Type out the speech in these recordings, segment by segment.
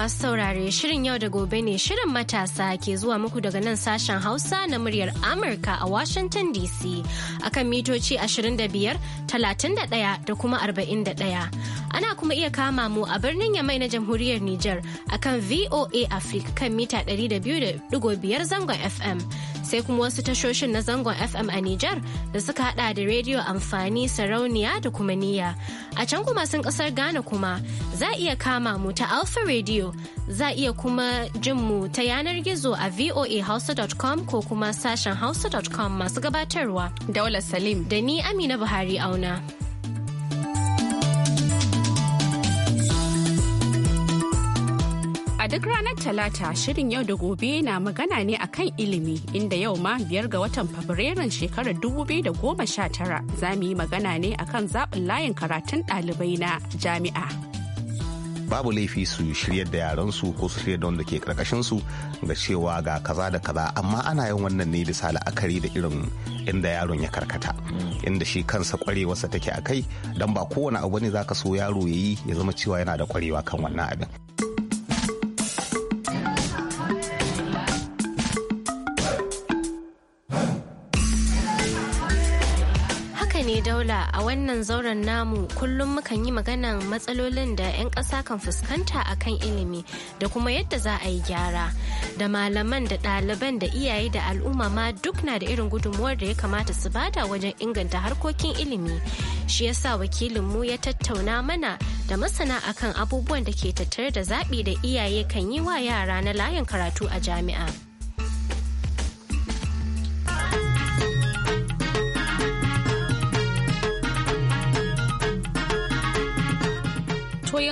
masu saurare shirin yau da gobe ne shirin matasa ke zuwa muku daga nan sashen Hausa na muryar Amurka a Washington DC akan mitoci 25, 31 da kuma 41. Ana kuma iya kama mu a birnin Yamai na jamhuriyar Nijar akan VOA Africa kan mita 200.5 zangon FM. sai kuma wasu tashoshin na zangon FM a Nijar da suka hada da rediyo amfani sarauniya da kuma niyya. A can kuma sun kasar Ghana kuma za iya kama mu ta Alpha Radio za iya kuma jin mu ta yanar gizo a voahausa.com ko kuma sashen hausa.com masu gabatarwa. Daula Salim. Da ni Amina Buhari auna. Duk ranar Talata shirin yau da gobe na magana ne akan ilimi inda yau ma biyar ga watan Fabrairun shekarar 2019 za mu yi magana ne akan zaɓin layin karatun ɗalibai na jami'a. Babu laifi su shirya da yaransu ko su shirya da wanda ke karkashinsu ga cewa ga kaza da kaza amma ana yin wannan ne bisa la'akari da irin inda yaron ya karkata inda shi kansa kwarewarsa take a kai don ba kowane abu ne za ka so yaro ya yi ya zama cewa yana da kwarewa kan wannan abin. wannan zauren namu kullum mukan yi maganan matsalolin da 'yan ƙasa kan fuskanta a kan ilimi da kuma yadda za a yi gyara. Da malaman da ɗaliban da iyaye da al'umma ma duk na da irin gudunmuwar da ya kamata su bada wajen inganta harkokin ilimi. Shi yasa wakilinmu ya tattauna mana da masana akan abubuwan da ke tattare da zaɓi da iyaye kan yi wa yara na layin karatu a jami'a.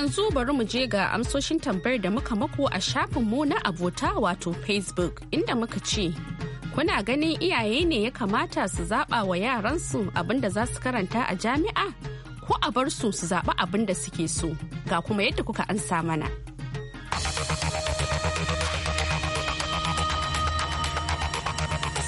yanzu bari mu je ga amsoshin tambayar da muka mako a shafinmu na abota wato facebook inda muka ce kuna ganin iyaye ne ya kamata su zaɓa wa yaransu abinda za su karanta a jami'a ko a bar su su zaɓi abinda da suke so ga kuma yadda kuka ansa mana.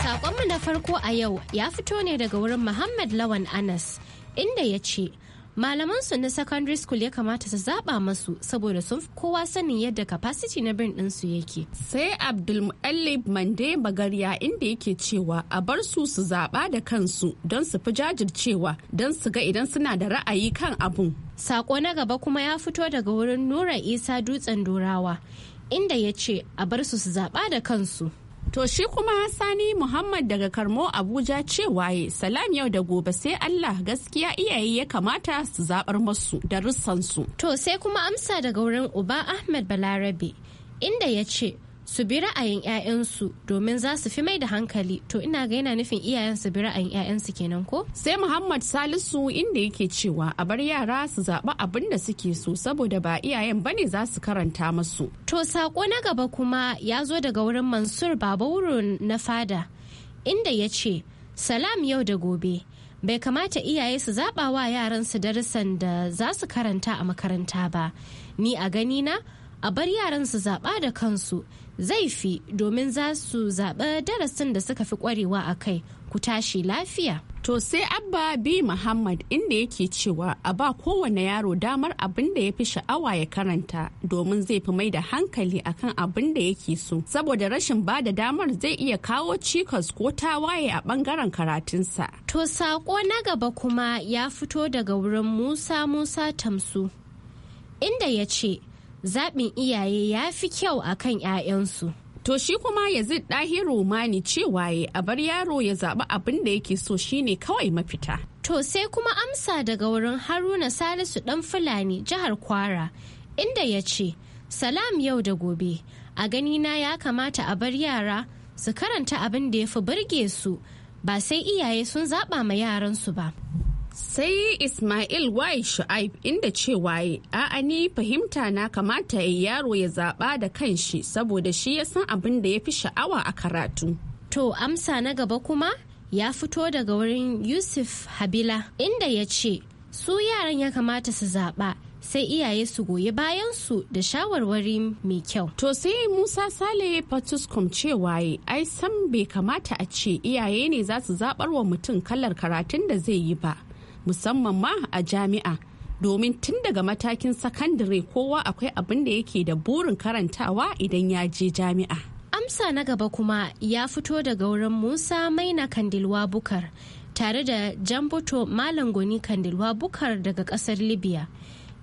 Saƙonmu na farko a yau ya fito ne daga wurin Muhammad Lawan Anas inda ya ce malamansu na secondary school ya kamata su zaba masu saboda sun kowa sanin yadda capacity na birnin ɗinsu yake. Sai Mu'allib Mande Bagarya inda yake cewa a bar su su zaba da kansu don su fi jajircewa don su ga idan suna da ra'ayi kan abun. Sako na gaba kuma ya fito daga wurin Nura Isa Dutsen Dorawa inda ya ce a bar su su zaba da kansu. To shi kuma Sani Muhammad daga Karmo Abuja cewa ya salam yau da gobe sai Allah gaskiya iyaye ya kamata su zabar masu da russansu. To sai kuma amsa daga wurin Uba Ahmed Balarabe inda ya ce su bi ra'ayin 'ya'yansu domin za su fi mai da hankali to ina ga yana nufin iyayen su bi ra'ayin 'ya'yansu kenan ko sai muhammad salisu inda yake cewa a bar yara su zaɓi abin da suke so saboda ba iyayen ba ne za su karanta masu to saƙo na gaba kuma ya zo daga wurin mansur babawuro na fada inda ya ce salam yau da gobe bai kamata iyaye su zaɓa wa yaransu darussan da za su karanta a makaranta ba ni a ganina a bar yaran su zaɓa da kansu zai fi domin za su zaɓa darasin da suka fi ƙwarewa a kai ku tashi lafiya. To sai Abba B. Muhammad inda yake cewa a ba kowane yaro damar abin da ya fi sha'awa ya karanta domin zai fi mai da hankali akan abin da yake so. Saboda rashin ba da damar zai iya kawo cikas ko tawaye a bangaren karatunsa. To saƙo na gaba kuma ya fito daga wurin Musa Musa Tamsu. Inda ya ce, zaɓin iyaye ya fi kyau a kan 'ya'yansu. To shi kuma Yazid Dahiru Mani cewa ya a bar yaro ya zaɓi abin da yake so shine kawai mafita. To sai kuma amsa daga wurin Haruna Salisu ɗan Fulani jihar Kwara inda ya ce, Salam yau da gobe, a ganina ya kamata a bar yara su karanta abin da ya fi burge su ba sai iyaye sun zaɓa ma yaransu ba. sai ismail wai shu'aib inda cewa a'a ni fahimta na kamata ya yaro ya zaba da kanshi saboda shi ya san abin da ya fi sha'awa a karatu to amsa na gaba kuma ya fito daga wurin yusuf habila inda ya ce su yaran ya kamata su zaba sai iyaye su goyi bayan su da shawarwari mai kyau. To sai Musa Sale ce cewa ai san bai kamata a ce iyaye ne za su zabar wa mutum kalar karatun da zai yi ba. musamman ma a jami'a domin tun daga matakin sakandare kowa akwai abin da yake da burin karantawa idan ya je jami'a. Amsa na gaba kuma ya fito daga wurin Musa Maina Kandilwa Bukar tare da Jambuto Malam Gwani Kandilwa Bukar daga ƙasar Libya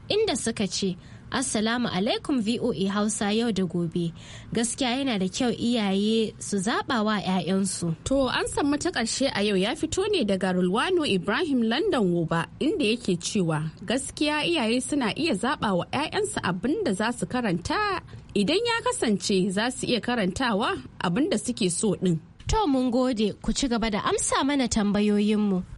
inda suka ce Assalamu alaikum VOA Hausa yau da gobe. Gaskiya yana da kyau iyaye su zaɓa wa 'ya'yansu. To an san mata ƙarshe a yau ya fito ne daga Rulwano Ibrahim London Woba inda yake cewa gaskiya iyaye suna iya zaɓa wa 'ya'yansu abin da za su karanta idan ya kasance za su iya karantawa abin da suke so ɗin. To mun gode ku ci gaba da amsa mana tambayoyinmu.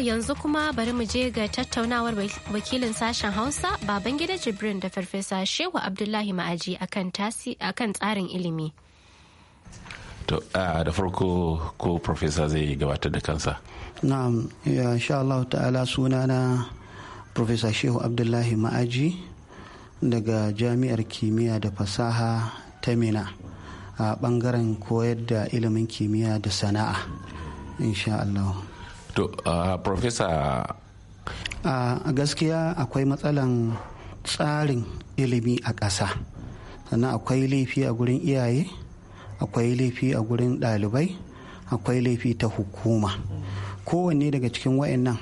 yanzu kuma bari mu je ga tattaunawar wakilin sashen Hausa Babangida Jibrin da Farfesa Shehu Abdullahi Ma'aji akan tsarin ilimi. To da farko ko Farfesa zai gabatar da kansa. Na'am, ya sha Allah ta'ala sunana Farfesa Shehu Abdullahi Ma'aji daga Jami'ar Kimiyya da Fasaha ta Mina a bangaren koyar da ilimin kimiyya da sana'a. Insha Allah. to uh, professor a uh, gaskiya akwai matsalan tsarin ilimi a ƙasa sannan akwai laifi a gurin iyaye akwai laifi a gurin ɗalibai akwai laifi ta hukuma kowanne daga cikin waɗannan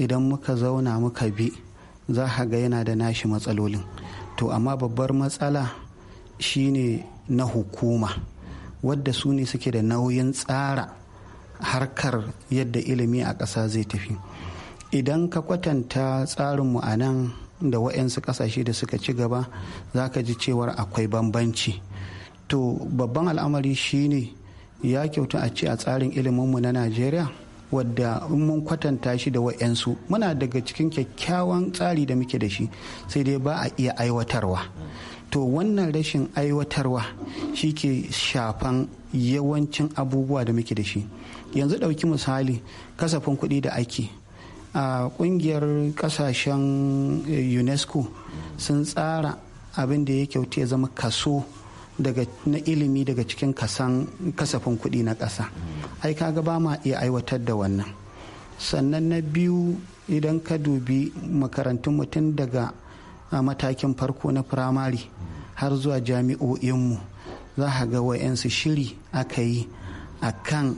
idan muka zauna muka bi za ka ga yana da nashi matsalolin to amma babbar matsala shine na hukuma wadda su ne suke da nauyin tsara harkar yadda ilimi a ƙasa zai tafi idan ka kwatanta tsarinmu a nan da wayansu ƙasashe da suka ci gaba za ka ji cewar akwai bambanci to babban al'amari shine ya kyauta a ce a tsarin iliminmu na najeriya wadda in mun kwatanta shi da wa'yansu muna daga cikin kyakkyawan tsari da muke da shi sai dai ba a iya aiwatarwa to wannan rashin aiwatarwa shi ke shafan yawancin abubuwa da muke da shi yanzu dauki misali kasafin kuɗi da ake a ƙungiyar ƙasashen eh, unesco sun tsara abin da ya kyauta ya zama kaso daga na ilimi daga cikin kasan kasafin kuɗi na ƙasa ai ga ba ma iya aiwatar da wannan sannan na biyu idan ka dubi makarantun mutum daga a matakin farko na firamare har zuwa jami'o'inmu za a ga wayansu shiri aka yi a kan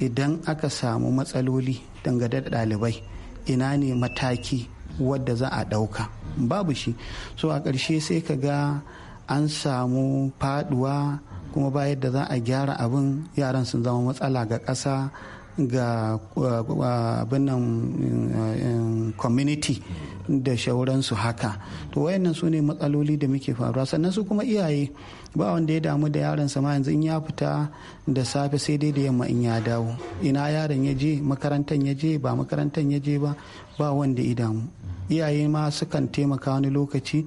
idan aka samu matsaloli dangane da ɗalibai ina ne mataki wadda za a ɗauka babu shi so a ƙarshe sai ka ga an samu faduwa kuma bayan da za a gyara abin yaran sun zama matsala ga ƙasa ga uh, abin nan uh, community da shauransu haka to wayannan su ne matsaloli da muke faruwa sannan su kuma iyaye ba wanda ya damu da yaron sama yanzu in ya fita da safe sai dai da yamma in ya dawo ina yaron ya je makarantar ya je ba makarantar ya je ba ba wanda ya damu iyaye ma sukan taimaka wani lokaci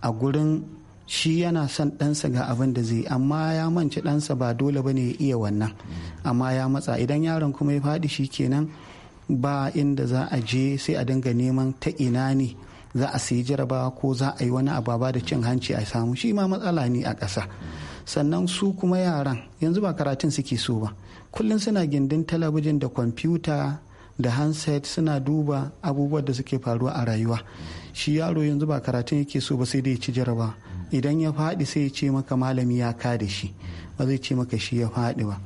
a gurin shi yana son ɗansa ga abin da zai amma ya manci ɗansa ba dole ba ne ya iya wannan amma ya matsa idan yaron kuma ya faɗi shi kenan ba inda za a je sai a dinga neman ta ina ne za a sayi jaraba ko za a yi wani ababa da cin hanci a samu shi ma matsala ne a ƙasa sannan su kuma yaran yanzu ba karatun suke so ba kullum suna gindin talabijin da kwamfuta da handset suna duba abubuwan da suke faruwa a rayuwa shi yaro yanzu ba karatun yake so ba sai da ya ci jaraba idan ya faɗi sai ya ce maka malami ya ka da shi ba zai ce maka shi ya faɗi ba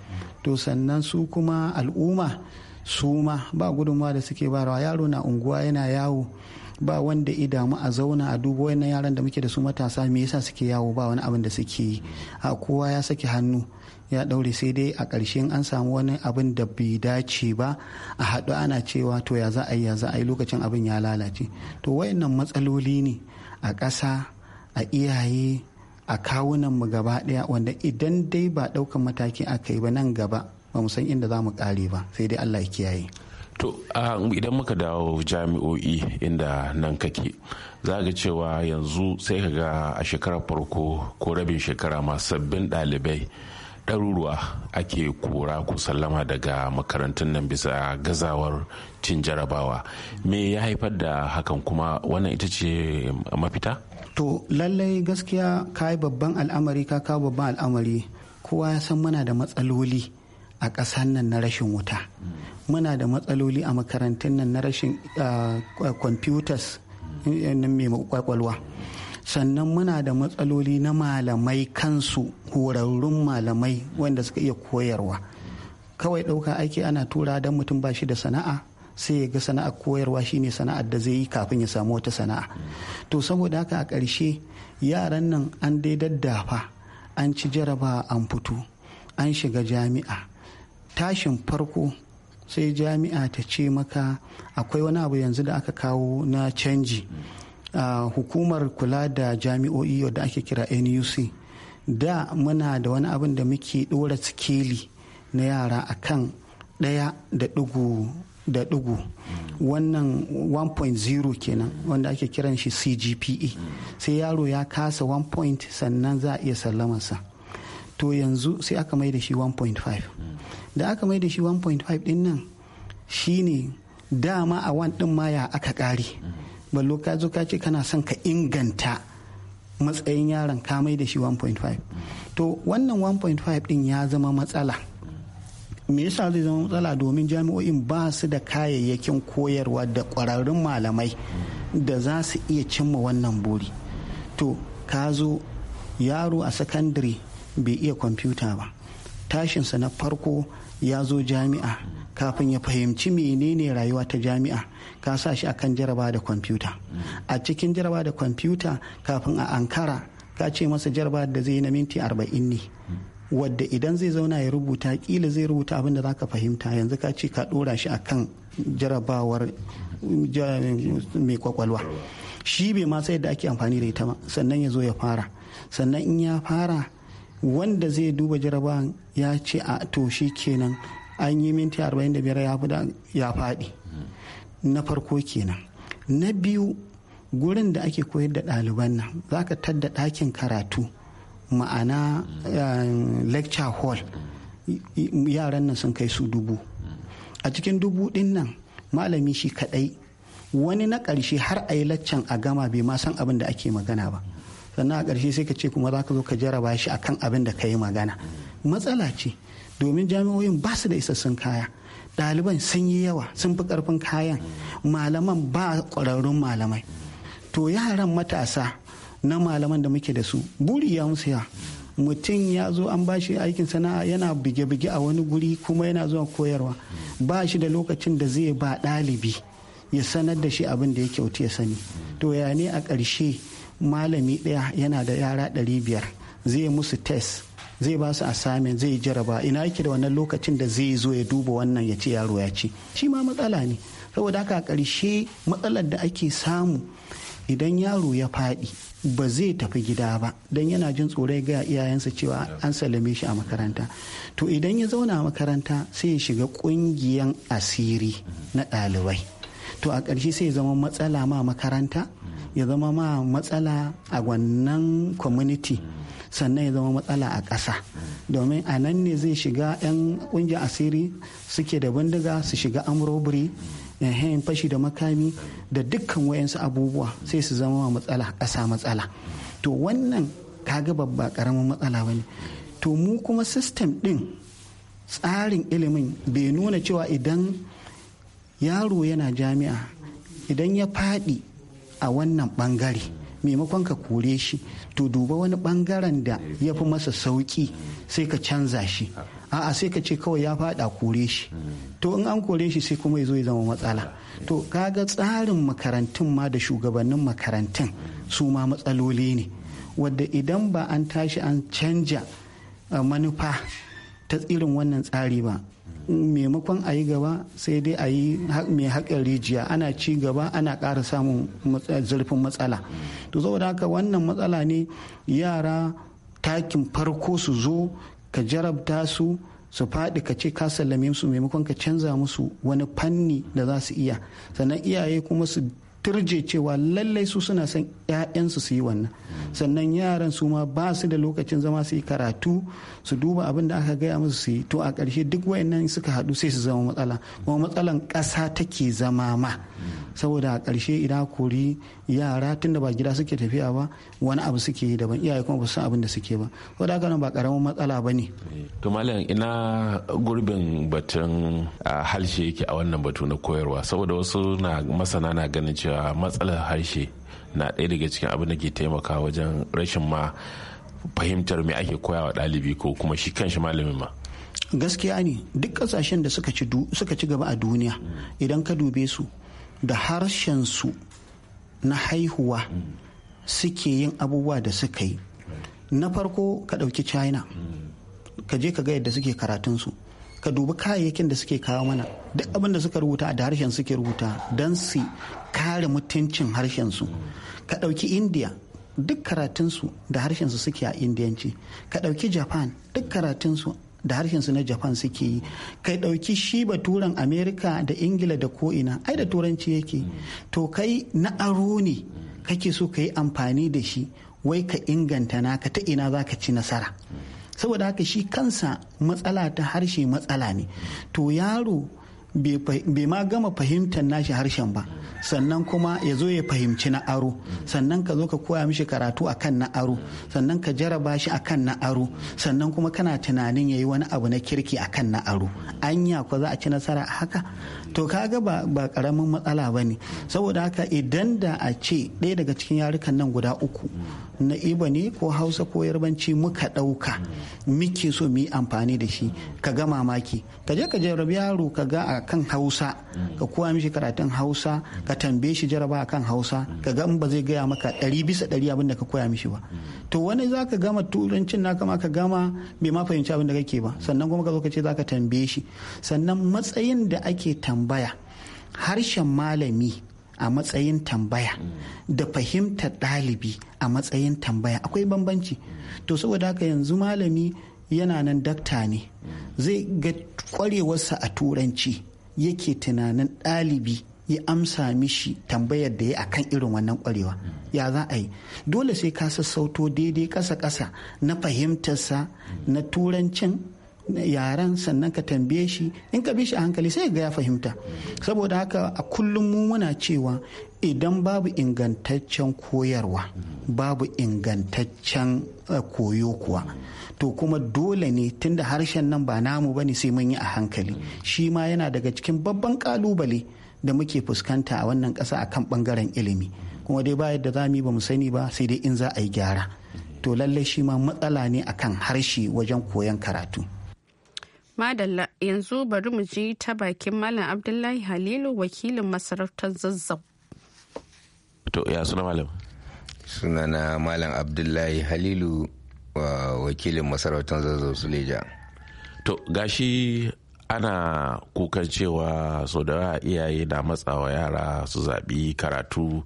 to sannan su kuma al'umma su ma ba gudunmawa da suke barawa yaro na unguwa yana yawo ba wanda idamu a zauna a dubo wani yaran da muke da su matasa me yasa suke yawo ba wani abin da suke yi a kowa ya sake hannu ya daure sai dai a ƙarshen an samu wani abin da bai dace ba a haɗu ana cewa to ya za a yi ya za a yi lokacin abin ya lalace to wayannan matsaloli ne a ƙasa a iyaye a kawunanmu gaba ɗaya wanda idan dai ba ɗaukan mataki aka yi ba nan gaba ba san inda za mu kare ba sai dai allah ya kiyaye To idan muka dawo jami'o'i inda nan kake za ga cewa yanzu sai ka ga a shekarar farko ko rabin shekara ma sabbin ɗalibai ɗaruruwa ake kora ko sallama daga makarantun nan bisa gazawar cin jarabawa me ya haifar da hakan kuma wannan ita ce mafita? to lallai gaskiya ka yi babban al'amari ka kawo babban al'amari kowa ya san muna da matsaloli a ƙasar nan na rashin wuta muna da matsaloli a makarantun nan na rashin computers eh, eh, mai kwakwalwa sannan muna da matsaloli na malamai kansu horarrun malamai wanda suka iya koyarwa kawai ɗauka aiki ana tura don mutum ba shi da sana'a sai ya ga sana'ar koyarwa shine sana'ar da zai yi kafin ya samu wata sana'a to saboda haka a ƙarshe yaran nan an dai daddafa an ci jaraba an fito an shiga jami'a tashin farko sai jami'a ta ce maka akwai wani abu yanzu da aka kawo na canji hukumar kula da jami'o'i wadda ake kira nuc da muna da wani abin da muke dora sikeli na yara akan ɗaya da ɗigo da ɗigo wannan 1.0 kenan wanda ake kiran shi cgpe sai yaro ya kasa 1 sannan za a iya sallamarsa to yanzu sai aka mai da shi 1.5 da aka mai da shi 1.5 din nan shine dama a wan din ma ya aka kare ballo ka zo ka ce kana son ka inganta matsayin yaron ka mai da shi 1.5 to wannan 1.5 din ya zama matsala me yasa zai zama matsala domin jami'o'in ba su da kayayyakin koyarwa da ƙwararrun malamai da za su iya cimma wannan buri to ka zo yaro a sakandare bai iya kwamfuta ba tashinsa na farko ya zo jami'a kafin ya fahimci menene rayuwa ta jami'a ka sa shi akan jaraba da kwamfuta a cikin jaraba da kwamfuta kafin a ankara ka ce masa jaraba da zai na minti arba'in ne wadda idan zai zauna ya rubuta kila zai rubuta abin da zaka fahimta yanzu ka ce ka dora shi akan jarabawar mai kwakwalwa shi bai ma sai da ake amfani da ita ba sannan ya zo ya fara sannan in ya fara wanda zai duba jarabawan ya ce a to shi kenan an yi minti 45 ya faɗi na farko kenan na biyu gurin da ake koyar da ɗaliban nan za ka tadda ɗakin karatu ma'ana eh, lecture hall yaran nan sun kai su dubu a cikin dubu din nan malami shi kadai wani na ƙarshe har a yi laccan a gama bai ma san abin da ake magana ba sannan a ƙarshe sai ka ce kuma za ka zo ka jaraba shi akan abin da ka yi magana matsala ce domin jami'o'in ba su da isassun kaya ɗaliban sun yi yawa sun fi ƙarfin kayan malaman ba ƙwararrun malamai to yaran matasa na malaman da muke da su buri ya musu ya mutum ya zo an ba shi aikin sana'a yana bige-bige a wani guri kuma yana zuwa koyarwa ba shi da lokacin da zai ba ɗalibi ya sanar da shi abin da ya kyautu ya sani to ya ne a ƙarshe malami ɗaya yana da yara ɗari biyar zai musu test zai ba su samin zai jaraba ina yake da wannan lokacin da zai zo ya duba wannan ya ce yaro ya ce shi ma matsala ne saboda haka a ƙarshe matsalar da ake samu idan yaro ya faɗi ba zai tafi gida ba don yana jin tsoron ga iyayensa cewa an salame shi a makaranta to idan ya zauna a makaranta sai ya shiga ƙungiyan asiri na ɗalibai to a ƙarshe sai ya zama matsala ma makaranta ya zama ma matsala a wannan community sannan ya zama matsala a ƙasa domin a nan ne zai shiga 'yan ƙungiyar asiri suke da bindiga su shiga amrobiri fashi da makami da dukkan wayansu abubuwa sai su zama matsala ƙasa matsala to wannan kaga babba ƙaramin matsala bane to mu kuma system ɗin tsarin ilimin bai nuna cewa idan yaro yana jami'a idan ya faɗi a wannan ɓangare maimakon ka kore shi to duba wani ɓangaren da ya fi masa sauƙi sai ka canza shi a'a sai ka ce kawai ya fada kore shi to in an kore shi sai kuma ya zama matsala to kaga tsarin makarantun ma da shugabannin makarantun su ma matsaloli ne wadda idan ba an tashi an canja eh, manufa ta tsirin wannan tsari ba maimakon a yi gaba sai dai a yi mai haƙin rijiya ana ci gaba ana ƙara samun zurfin matsala to saboda haka wannan matsala ne yara takin farko su zo ka jarabta su su faɗi ka ce ka sallame su maimakon ka canza musu wani fanni da za su iya sannan iyaye kuma su turje cewa lallai su suna son 'ya'yansu su yi wannan sannan yaran su ma ba su da lokacin zama su yi karatu su duba abin da aka gaya musu su yi to a ƙarshe duk wayannan suka haɗu sai su zama matsala kuma matsalan ƙasa take zama ma saboda a ƙarshe idan kori yara tun da ba gida suke tafiya ba wani abu suke yi daban iyaye kuma ba su san abin da suke ba saboda haka ba karamin matsala ba ne. to malam ina gurbin batun ah, halshe yake a wannan batu na koyarwa saboda wasu na masana na ganin cewa cewa matsalar harshe na ɗaya daga cikin abin da ke taimaka wajen rashin ma fahimtar me ake koyawa ɗalibi ko kuma shi kanshi malamin ma gaskiya ne duk ƙasashen da suka ci gaba a duniya idan ka dube su da harshen su na haihuwa suke yin abubuwa da suka yi na farko ka ɗauki china ka je ka ga yadda suke karatunsu ka dubi kayayyakin da suke kawo mana duk abin da suka rubuta da harshen suke rubuta don su kare mutuncin harshensu ka ɗauki india duk karatunsu da harshensu suke a indiyanci ka ɗauki japan duk karatunsu da harshensu na japan suke yi kai ɗauki shi turan amerika da ingila da ko'ina ai da turanci yake to kai na aro ne kake so ka yi amfani da shi wai ka inganta naka ta ina za ka ci nasara saboda haka shi kansa matsala ta harshe matsala ne to yaro bai ma gama fahimtar nashi harshen ba sannan kuma ya zo ya fahimci na aro sannan ka zo ka koya mishi karatu akan na aro sannan ka jaraba shi akan na aro sannan kuma kana tunanin ya yi wani abu na kirki akan na aro anya ko za a ci nasara a haka to kaga ba ba karamin matsala ba ne saboda haka idan da a ce ɗaya daga cikin yarukan nan guda uku na iba ne ko hausa ko yarbanci muka ɗauka muke so mu yi amfani da shi ka ga mamaki ka je ka jarabi yaro ka ga a kan hausa ka koya mishi karatun hausa ka tambaye shi jaraba a kan hausa ka ga in ba zai gaya maka ɗari bisa ɗari abin da ka koya mishi ba to wani za ka gama turancin na kama ka gama bai ma fahimci abin da kake ba sannan kuma ka zo ka ce za ka tambaye shi sannan matsayin da ake tambaya harshen malami a matsayin tambaya da fahimtar ɗalibi a matsayin tambaya akwai bambanci to saboda haka yanzu malami yana nan dakta ne zai ga kwarewarsa a turanci yake tunanin ɗalibi ya amsa mishi tambayar da ya kan irin wannan kwarewa ya za a yi dole sai ka sassauto daidai ƙasa-ƙasa na fahimtarsa na turancin Yaren sannan ka tambaye shi in ka bi shi a hankali sai ga ya fahimta saboda haka a kullum mu muna cewa idan babu ingantaccen koyarwa babu ingantaccen eh, koyo kuwa to kuma dole ne tunda harshen nan ba namu bane sai mun yi a hankali shi ma yana daga cikin babban kalubale da muke fuskanta a wannan ƙasa akan bangaren ilimi kuma dai ba yadda za mu yi ba mu sani ba sai dai in za a yi gyara to lallai shi ma matsala ne akan harshe wajen koyon karatu Madalla yanzu bari mu ji ta bakin Malam Abdullahi Halilu wakilin masarautar zazzau. To ya suna Malam? Sunana Malam Abdullahi Halilu wakilin masarautar zazzau Suleja. To gashi ana kukan cewa sau da iyaye na matsawa yara su zaɓi karatu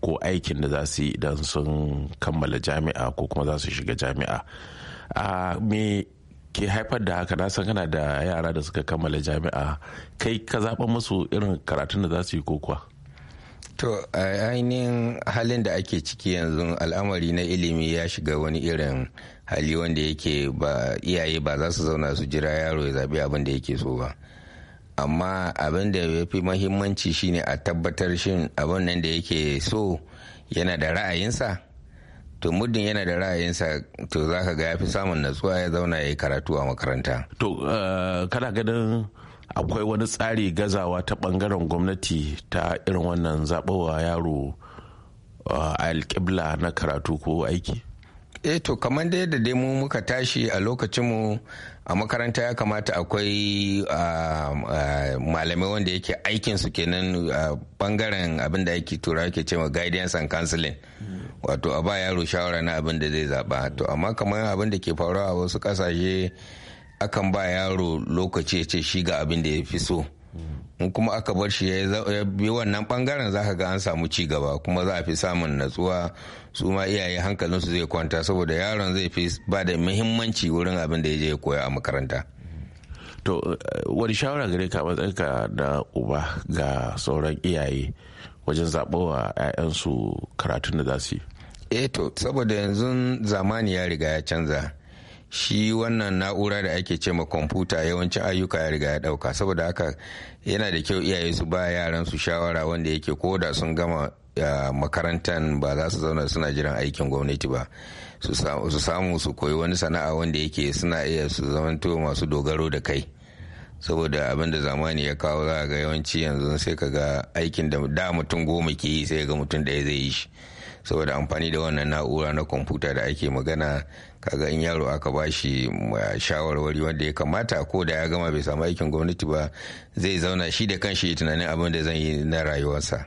ko aikin da za su yi idan sun kammala jami'a ko kuma za su shiga jami'a. me ke haifar da haka na san kana da yara da suka kammala jami'a kai ka zaɓa musu irin karatun da za su yi ko kuwa To ainihin halin da ake ciki yanzu al'amari na ilimi ya shiga wani irin hali wanda yake ba iyaye ba za su zauna su jira yaro ya zaɓi abin da yake so ba. Amma abin da ya fi mahimmanci shine a tabbatar shin abin nan da yake so yana da ra'ayinsa to muddin yana da ra'ayinsa to za ka ga ya fi samun natsuwa ya zauna ya yi karatu a makaranta to eh, kana ganin akwai wani tsari gazawa ta bangaren gwamnati ta irin wannan zaɓawa yaro a eh, alƙibla na karatu ko aiki eh to kamar da dai mu muka tashi a lokacinmu a makaranta ya kamata akwai eh, malamai wanda yake aikinsu kenan bangaren abin da ake tura ke cewa guidance and counseling mm wato a ba yaro shawara na abin da zai zaba to amma kamar abin da ke faruwa a wasu kasashe akan ba yaro lokaci ce shi ga abin da ya fi so in kuma aka bar shi ya bi wannan bangaren za ka ga an samu ci gaba kuma za a fi samun natsuwa su ma iyaye hankalinsu zai kwanta saboda yaron zai fi ba da muhimmanci wurin abin da ya je ya koya a makaranta to eh, wani shawara gare ka matsayinka da uba ga sauran iyaye wajen zaɓowa 'ya'yansu karatun da za su yi eh to saboda yanzu zamani ya riga ya canza shi wannan na'ura da ake ce ma kwamfuta yawancin ayyuka ya riga ya ɗauka saboda haka yana da kyau iyaye su ba yaran su shawara wanda yake ko da sun gama makarantar ba za su zauna suna jiran aikin gwamnati ba su samu su koyi wani sana'a wanda yake suna iya su zamanto masu dogaro da kai saboda abin da zamani ya kawo za ga yawanci yanzu sai ka ga aikin da da mutum goma ke yi sai ga mutum ɗaya zai yi shi saboda amfani da wannan na'ura na kwamfuta da ake magana kaga in yaro aka ba shi eh, shawarwari wanda ya kamata ko da ya gama bai samu aikin gwamnati ba zai zauna shi da kanshi tunanin abin da zan yi na rayuwarsa.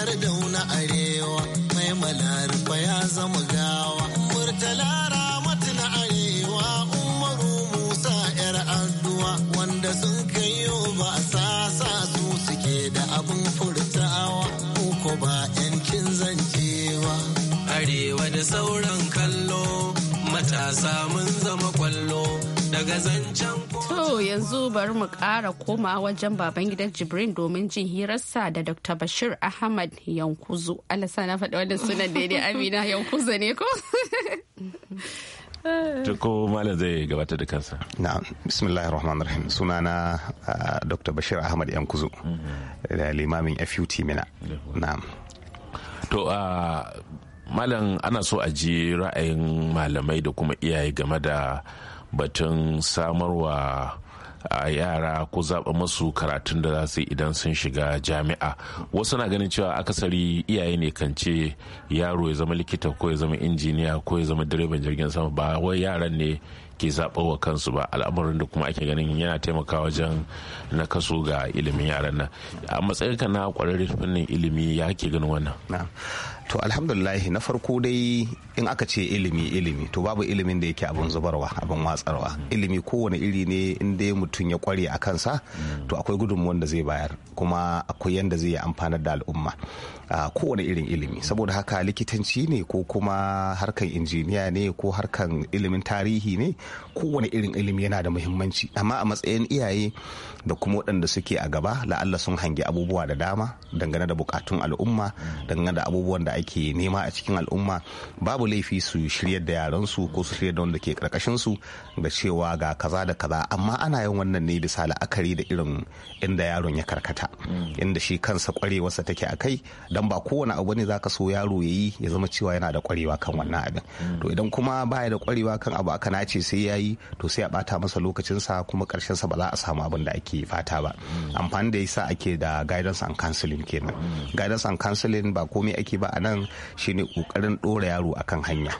sardauna arewa mai malarfa ya zama gawa murtala ramatu na arewa umaru musa yar addu'a wanda sun kai ba a sasa su suke da abin furtawa ko ba yancin zancewa arewa da sauran kallo matasa mun zama kwallo To yanzu bari mu ƙara koma wajen baban gidan Jibrin domin jin hirarsa da Dr. Bashir Ahmad Yankuzu. Allah sa na faɗi wannan sunan daidai Amina Yankuzu ne ko? Tuko malam zai gabata da kansa na'am bismillahir rahmanir rahim sunana ah, dr bashir ahmad Yankuzu. Mhm. da limamin fut mina na'am to ah, malam ana so a ji ra'ayin malamai da kuma iyaye game da batun samarwa a yara ko zaɓa masu karatun da za su idan sun shiga jami'a wasu na ganin cewa akasari iyaye ne kan ce yaro ya zama likita ko ya zama injiniya ko ya zama direban jirgin sama ba wai yaran ne ke zaɓa wa kansu ba al'amarin da kuma ake ganin yana taimakawa wajen na kaso ga ilimin yaran nan a matsayin ka na ƙwararri fannin ilimi ya ke ganin wannan to alhamdulillah na farko dai in aka ce ilimi ilimi to babu ilimin da yake abin zubarwa abin watsarwa ilimi kowane iri ne in dai mutum ya kware a kansa to akwai gudunmuwan da zai bayar kuma akwai yanda zai yi amfanar da al'umma kowane irin ilimi saboda haka likitanci ne ko kuma harkan injiniya ne ko harkan ilimin tarihi ne kowane irin ilimi yana da muhimmanci amma a matsayin iyaye da kuma waɗanda suke a gaba la'alla sun hangi abubuwa da dama dangane da bukatun al'umma dangane da abubuwan da ake nema a cikin al'umma babu laifi su shiryar da yaransu ko su shiryar da wanda ke karkashin su da cewa ga kaza da kaza amma ana yin wannan ne bisa la'akari da irin inda yaron ya karkata inda shi kansa kwarewarsa take a kai dan ba kowane abu ne zaka so yaro yayi ya zama cewa yana da kwarewa kan wannan abin to idan kuma baya da kwarewa kan abu aka nace sai zaɓe ya yi to sai a bata masa lokacinsa kuma sa ba za a samu abin da ake fata ba amfani da yasa ake da guidance and counseling kenan guidance and counseling ba komai ake ba a nan shine kokarin ɗora yaro akan hanya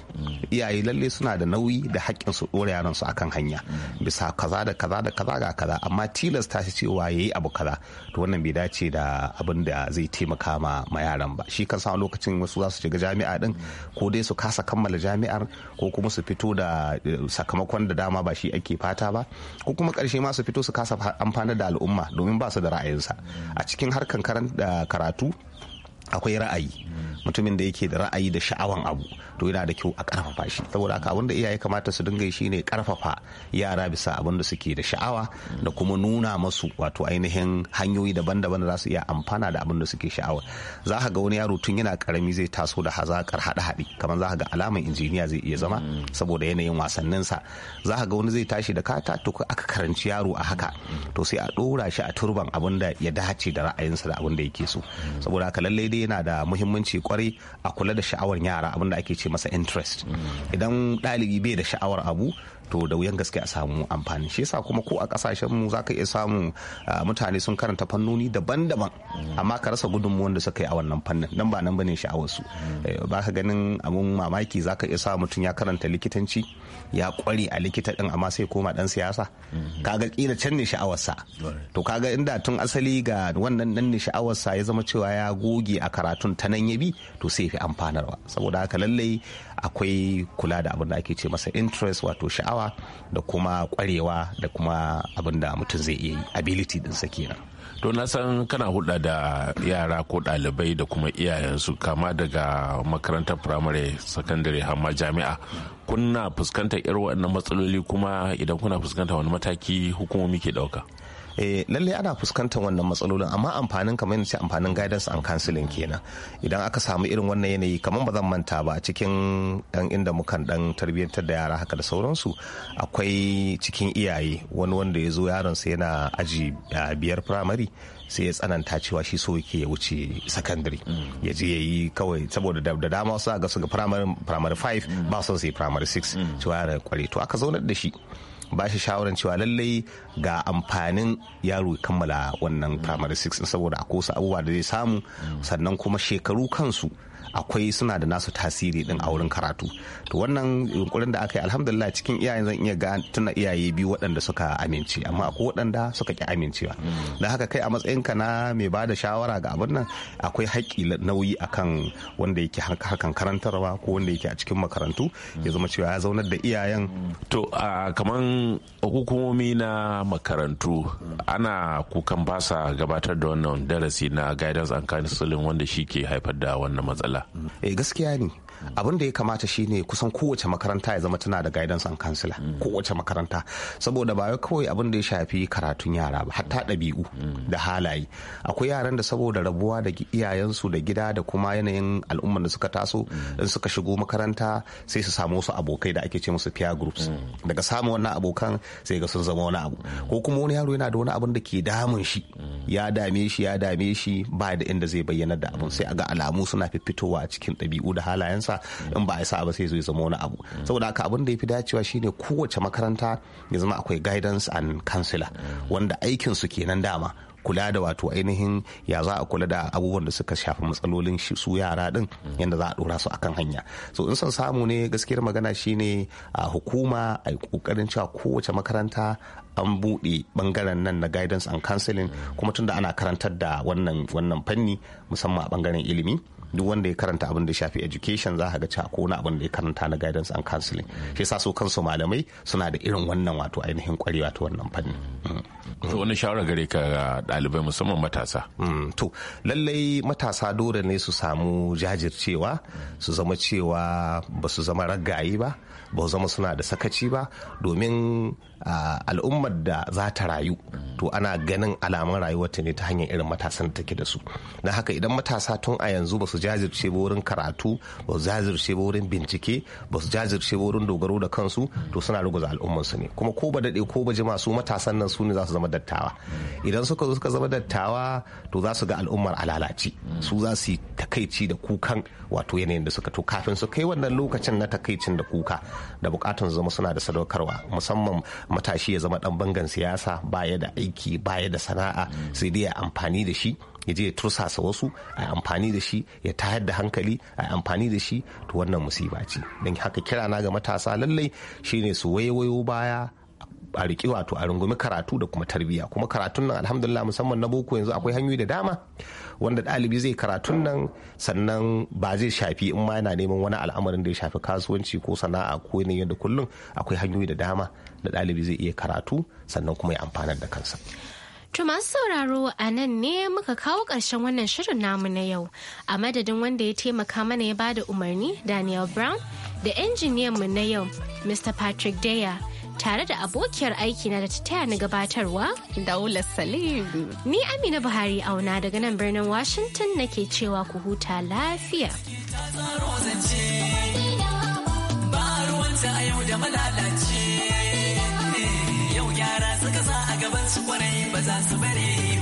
iyaye lalle suna da nauyi da haƙƙin su ɗora yaron su akan hanya bisa kaza da kaza da kaza ga kaza amma tilasta shi cewa yayi abu kaza to wannan bai dace da abin da zai taimaka ma yaran ba shi kansa lokacin wasu za su shiga jami'a din ko dai su kasa kammala jami'ar ko kuma su fito da eh, sakamako. sakamakon da dama ba shi ake fata ba ko kuma karshe ma su fito su kasa amfanar da al'umma domin ba su da ra'ayinsa a cikin harkan karatu akwai ra'ayi mutumin da yake da ra'ayi da sha'awan abu to yana da kyau a karfafa shi saboda haka abinda iyaye kamata su dinga shi ne karfafa yara bisa abin da suke da sha'awa da kuma nuna masu wato ainihin hanyoyi daban-daban da za su iya amfana da abin da suke sha'awa za ka ga wani yaro tun yana karami zai taso da hazakar haɗe-haɗe kamar za ka ga alaman injiniya zai iya zama saboda yanayin wasanninsa za ka ga wani zai tashi da kata to aka karanci yaro a haka to sai a ɗora shi a turban abin da ya dace da ra'ayinsa da abin da yake so saboda haka lallai dai yana da muhimmanci kwarai a kula da sha'awar yara abinda ake ce masa interest idan ɗalibi bai da sha'awar abu to da wuyan gaske a samu amfani shi yasa kuma ko a kasashen mu zaka iya samu mutane sun karanta fannoni daban-daban amma ka rasa gudunmuwan da suka yi a wannan fannin nan ba nan bane sha'awar su eh, ba ka ganin abun mamaki zaka iya sa mutum ya karanta likitanci ya kware a likita din amma sai koma dan siyasa kaga kila can ne sha'awarsa to kaga inda tun asali ga wannan nan ne sha'awarsa ya zama cewa ya goge a karatun ta nan ya bi to sai fi amfanarwa saboda haka lallai akwai kula da abin da ake ce masa interest wato sha'awa da kuma kwarewa da kuma abin da mutum zai iya yi ability din sa kenan to na san kana hulɗa da yara ko ɗalibai da kuma iyayensu kama daga makarantar primary secondary har jami'a kuna fuskantar irin waɗannan matsaloli kuma idan kuna fuskantar wani mataki hukumomi ke ɗauka eh lalle ana fuskantar wannan matsalolin amma amfanin kamar yadda ce amfanin guidance and counseling kenan idan aka samu irin wannan yanayi kamar ba zan manta ba cikin dan inda mukan dan tarbiyyantar da yara haka da sauransu akwai cikin iyaye wani wanda ya zo yaron sa yana aji biyar primary sai ya tsananta cewa shi so yake ya wuce secondary mm. ya je ya yi kawai saboda da dama wasu ga su ga primary 5 ba su sai primary 6 cewa yana kware to aka zaunar da shi ba shi shawaran cewa lallai ga amfanin yaro kammala wannan primary six saboda a kosa abubuwa da zai samu sannan kuma shekaru kansu akwai suna da nasu tasiri din a wurin karatu to wannan yunkurin da aka yi alhamdulillah cikin iyayen zan iya tuna iyaye biyu waɗanda suka amince amma akwai waɗanda suka ki amincewa da haka kai a matsayin ka na mai ba da shawara ga abin nan akwai haƙƙi nauyi akan wanda yake harkan karantarwa ko wanda yake a cikin makarantu ya zama cewa ya zaunar da iyayen to kaman hukumomi na makarantu ana kukan ba sa gabatar da wannan darasi na guidance and counseling wanda shi ke haifar da wannan matsala Allah eh gaskiya ne abin da ya kamata shi ne kusan kowace makaranta ya zama tana da guidance and counselor kowace makaranta saboda ba kawai abin da ya shafi karatun yara ba hatta ɗabi'u da halaye akwai yaran da saboda rabuwa da iyayensu da gida da kuma yanayin al'ummar da suka taso in suka shigo makaranta sai su samu wasu abokai da ake ce musu peer groups daga samun wannan abokan sai ga sun zama wani abu ko kuma wani yaro yana da wani abin da ke damun shi ya dame shi ya dame shi ba da inda zai bayyana da abin sai a ga alamu suna fitowa a cikin ɗabi'u da halayensa sa in ba a sa ba sai zai zama wani abu saboda haka abin da ya fi dacewa shine kowace makaranta ya zama akwai guidance and counselor wanda aikin su kenan dama kula da wato ainihin ya za a kula da abubuwan da suka shafi matsalolin su yara din yadda za a dora su akan hanya so in son samu ne gaskiyar magana shine a hukuma a kokarin cewa kowace makaranta an buɗe bangaren nan na guidance and counseling kuma tunda ana karantar da wannan fanni musamman a bangaren ilimi duk wanda ya karanta abin da shafi education za a ga cewa ko wani abin da ya karanta na guidance and counseling shi yasa so kansu malamai suna da irin wannan wato ainihin kwarewa ta wannan fanni mm. to wani shawara gare ka ga ɗalibai musamman matasa mm. to lallai matasa dole ne su samu jajircewa su zama cewa ba su zama ragaye ba ba zama suna da sakaci ba domin al'ummar da za ta rayu to ana ganin alamun rayuwarta ne ta hanyar irin matasan da take da su na haka idan matasa tun a yanzu ba su jajirce ba wurin karatu ba su jajirce ba wurin bincike ba su jajirce ba wurin dogaro da kansu to suna ruguza su ne kuma ko ba dade ko ba jima su matasan nan su ne za su zama dattawa idan suka zo suka zama dattawa to za su ga al'ummar alalaci su za su yi takaici da kukan wato yanayin da suka to kafin su kai wannan lokacin na takaicin da kuka da bukatun zama suna da sadaukarwa musamman matashi ya zama dan bangan siyasa baya da aiki baya da sana'a sai dai ya amfani da shi ya je ya tursasa wasu a amfani da shi ya tayar da hankali a amfani da shi to wannan musibaci ce don haka kirana ga matasa lallai shine su waiwayo baya a riƙe wato a rungumi karatu da kuma tarbiyya kuma karatun nan alhamdulillah musamman na boko yanzu akwai hanyoyi da dama wanda ɗalibi zai karatun nan sannan ba zai shafi in ma yana neman wani al'amarin da ya shafi kasuwanci ko sana'a ko yanayin yadda kullum akwai hanyoyi da dama da ɗalibi zai iya karatu sannan kuma ya amfanar da kansa. To masu sauraro a nan ne muka kawo ƙarshen wannan shirin namu na yau a madadin wanda ya taimaka mana ya bada umarni Daniel Brown da injiniyan mu na yau Mr. Patrick Daya. tare da abokiyar aikina da ta taya ni gabatarwa. Daula Salim. Ni Amina Buhari auna daga nan birnin Washington nake cewa ku huta lafiya. Yau gyara suka a gaban kwarai ba su bare